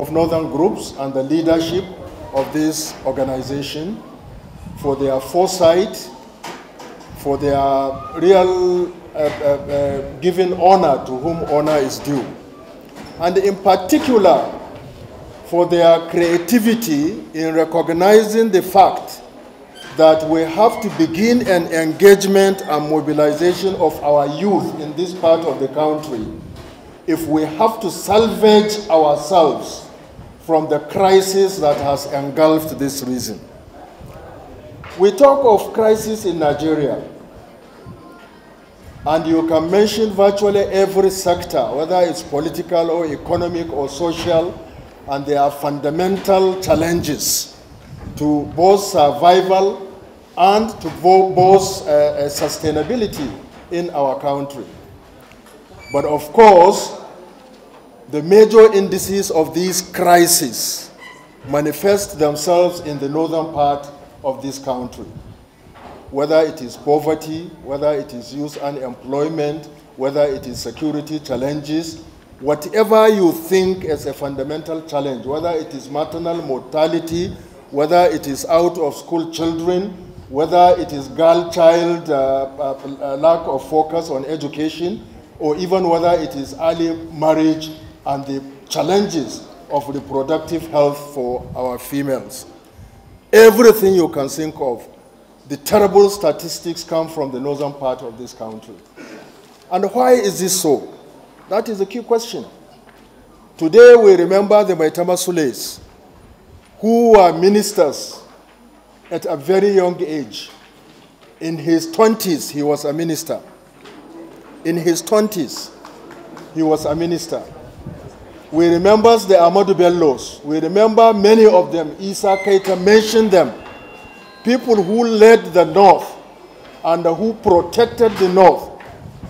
of northern groups and the leadership of this organization for their foresight, for their real uh, uh, uh, giving honor to whom honor is due, and in particular for their creativity in recognizing the fact that we have to begin an engagement and mobilization of our youth in this part of the country if we have to salvage ourselves from the crisis that has engulfed this region. We talk of crisis in Nigeria, and you can mention virtually every sector, whether it's political or economic or social, and there are fundamental challenges to both survival and to both uh, uh, sustainability in our country. But of course, the major indices of these crises manifest themselves in the northern part of this country. Whether it is poverty, whether it is youth unemployment, whether it is security challenges, whatever you think is a fundamental challenge, whether it is maternal mortality, whether it is out of school children, whether it is girl child uh, uh, lack of focus on education, or even whether it is early marriage and the challenges of reproductive health for our females. Everything you can think of, the terrible statistics come from the northern part of this country. And why is this so? That is the key question. Today we remember the Maitama Sules, who were ministers at a very young age. In his 20s, he was a minister. In his 20s, he was a minister. We remember the Ahmadu Bellos. We remember many of them. Isa Keita mentioned them. People who led the North and who protected the North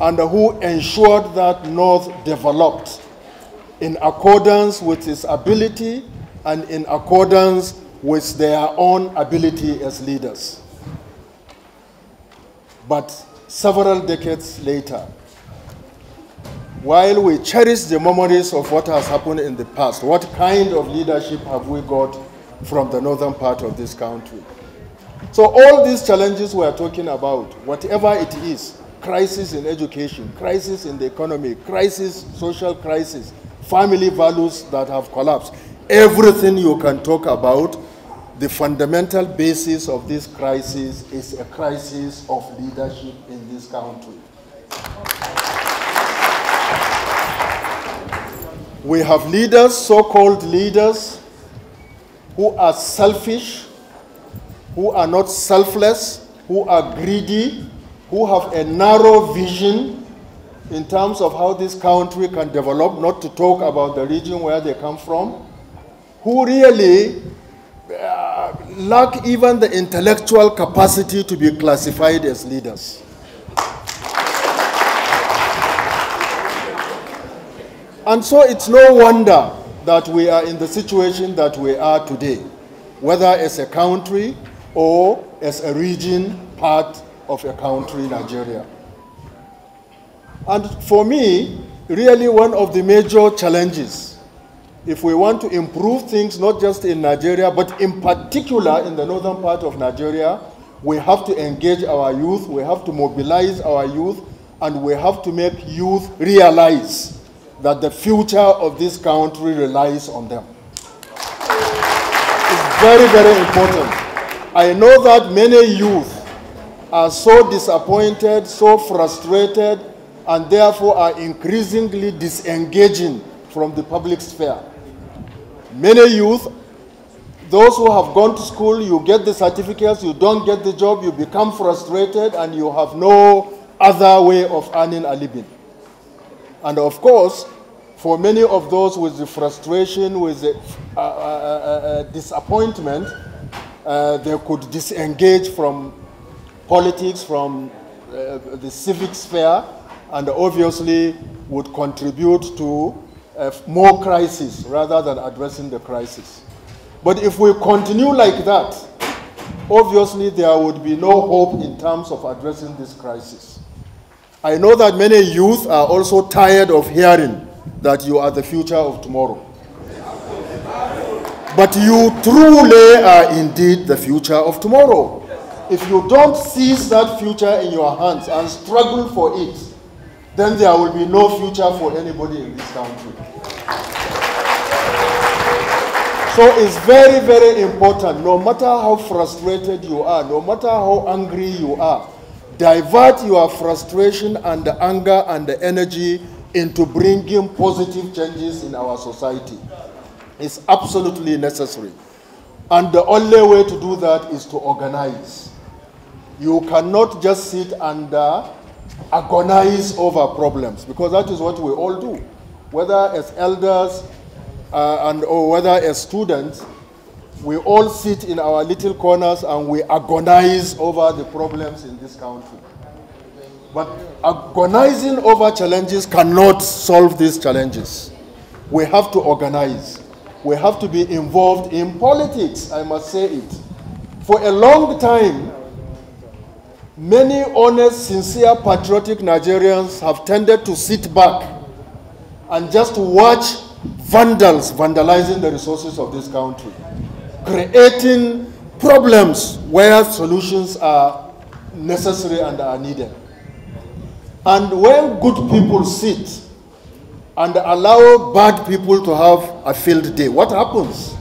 and who ensured that North developed in accordance with its ability and in accordance with their own ability as leaders. But several decades later, while we cherish the memories of what has happened in the past, what kind of leadership have we got from the northern part of this country? So all these challenges we are talking about, whatever it is, crisis in education, crisis in the economy, crisis, social crisis, family values that have collapsed, everything you can talk about, the fundamental basis of this crisis is a crisis of leadership in this country. We have leaders, so called leaders, who are selfish, who are not selfless, who are greedy, who have a narrow vision in terms of how this country can develop, not to talk about the region where they come from, who really uh, lack even the intellectual capacity to be classified as leaders. And so it's no wonder that we are in the situation that we are today, whether as a country or as a region part of a country, Nigeria. And for me, really one of the major challenges, if we want to improve things not just in Nigeria, but in particular in the northern part of Nigeria, we have to engage our youth, we have to mobilize our youth, and we have to make youth realize that the future of this country relies on them. It's very, very important. I know that many youth are so disappointed, so frustrated, and therefore are increasingly disengaging from the public sphere. Many youth, those who have gone to school, you get the certificates, you don't get the job, you become frustrated, and you have no other way of earning a living. And of course, for many of those with the frustration, with the uh, uh, uh, uh disappointment, uh, they could disengage from politics, from uh, the civic sphere, and obviously would contribute to more crisis rather than addressing the crisis. But if we continue like that, obviously there would be no hope in terms of addressing this crisis. I know that many youth are also tired of hearing that you are the future of tomorrow. But you truly are indeed the future of tomorrow. If you don't seize that future in your hands and struggle for it, then there will be no future for anybody in this country. So it's very, very important, no matter how frustrated you are, no matter how angry you are, divert your frustration and the anger and the energy into bringing positive changes in our society. It's absolutely necessary. And the only way to do that is to organize. You cannot just sit and uh, agonize over problems because that is what we all do, whether as elders uh, and or whether as students we all sit in our little corners and we agonize over the problems in this country. But agonizing over challenges cannot solve these challenges. We have to organize. We have to be involved in politics, I must say it. For a long time, many honest, sincere, patriotic Nigerians have tended to sit back and just watch vandals vandalizing the resources of this country creating problems where solutions are necessary and are needed. And when good people sit and allow bad people to have a field day, what happens?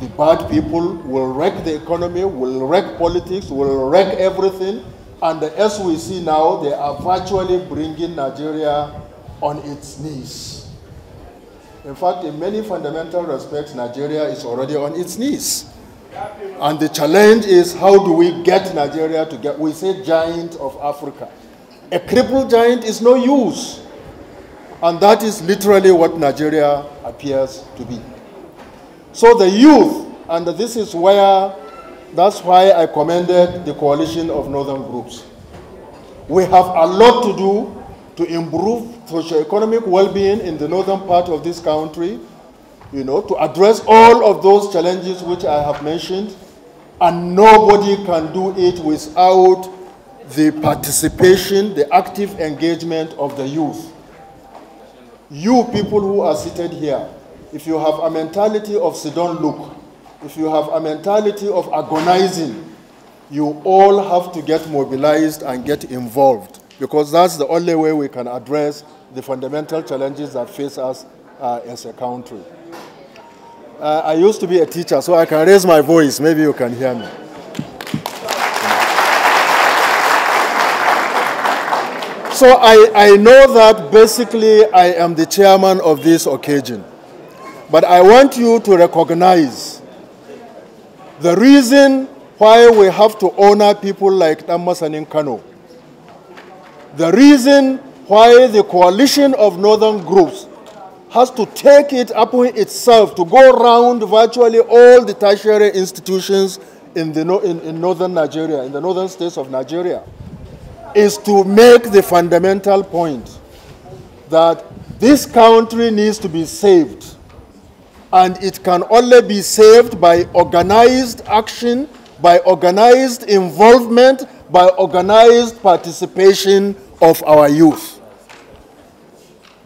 The bad people will wreck the economy, will wreck politics, will wreck everything. And as we see now, they are virtually bringing Nigeria on its knees. In fact, in many fundamental respects, Nigeria is already on its knees. And the challenge is how do we get Nigeria to get, we say giant of Africa. A crippled giant is no use. And that is literally what Nigeria appears to be. So the youth, and this is where, that's why I commended the coalition of northern groups. We have a lot to do to improve socio-economic well-being in the northern part of this country, you know, to address all of those challenges which I have mentioned, and nobody can do it without the participation, the active engagement of the youth. You people who are seated here, if you have a mentality of Sidon look, if you have a mentality of agonizing, you all have to get mobilized and get involved because that's the only way we can address the fundamental challenges that face us uh, as a country. Uh, I used to be a teacher, so I can raise my voice. Maybe you can hear me. So I, I know that basically I am the chairman of this occasion. But I want you to recognize the reason why we have to honor people like Damasanin Kano the reason why the coalition of northern groups has to take it upon itself to go around virtually all the tertiary institutions in, the no, in, in northern Nigeria, in the northern states of Nigeria, is to make the fundamental point that this country needs to be saved. And it can only be saved by organized action, by organized involvement, by organized participation of our youth.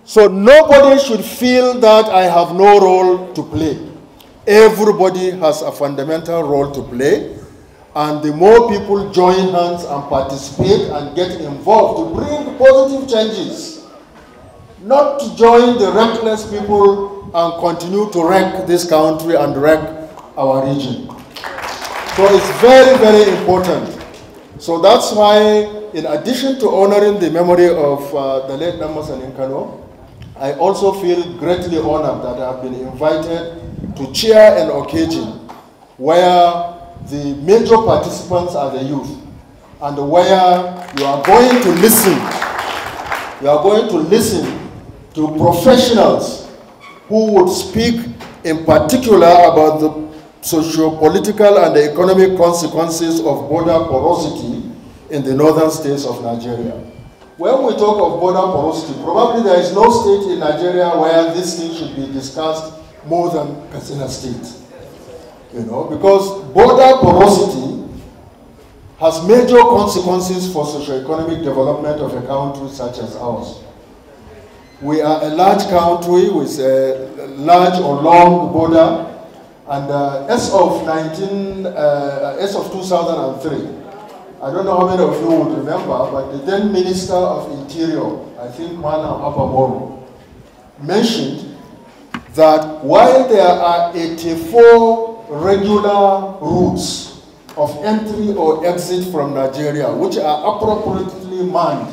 So nobody should feel that I have no role to play. Everybody has a fundamental role to play. And the more people join hands and participate and get involved to bring positive changes, not to join the reckless people and continue to wreck this country and wreck our region. So it's very, very important so that's why, in addition to honoring the memory of uh, the late Damasan Nkano, I also feel greatly honored that I've been invited to chair an occasion where the major participants are the youth and where you are going to listen, you are going to listen to professionals who would speak in particular about the socio-political and economic consequences of border porosity in the northern states of Nigeria. When we talk of border porosity, probably there is no state in Nigeria where this thing should be discussed more than Katsina State. You know, because border porosity has major consequences for socio-economic development of a country such as ours. We are a large country with a large or long border and uh, as of 19, uh, as of 2003, I don't know how many of you would remember, but the then Minister of Interior, I think Mana Abamoru, mentioned that while there are 84 regular routes of entry or exit from Nigeria, which are appropriately manned,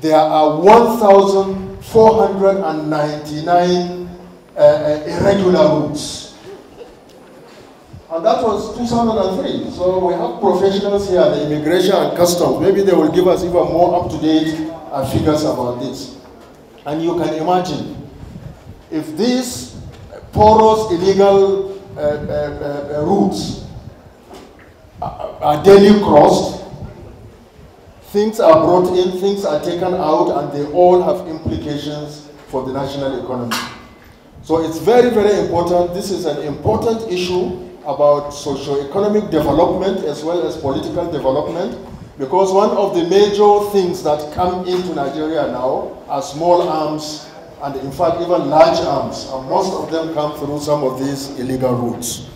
there are 1,499 uh, uh, irregular routes. And that was 2003. So we have professionals here, the immigration and customs. Maybe they will give us even more up-to-date uh, figures about this. And you can imagine, if these porous illegal uh, uh, uh, uh routes are daily crossed, things are brought in, things are taken out, and they all have implications for the national economy. So it's very, very important. This is an important issue about socio-economic development as well as political development because one of the major things that come into Nigeria now are small arms and in fact even large arms and most of them come through some of these illegal routes.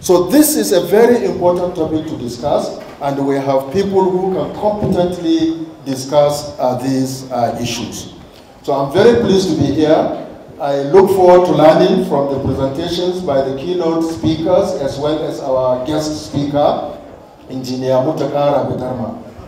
So this is a very important topic to discuss and we have people who can competently discuss uh, these uh, issues. So I'm very pleased to be here I look forward to learning from the presentations by the keynote speakers as well as our guest speaker, Engineer Mutakara Bedarma.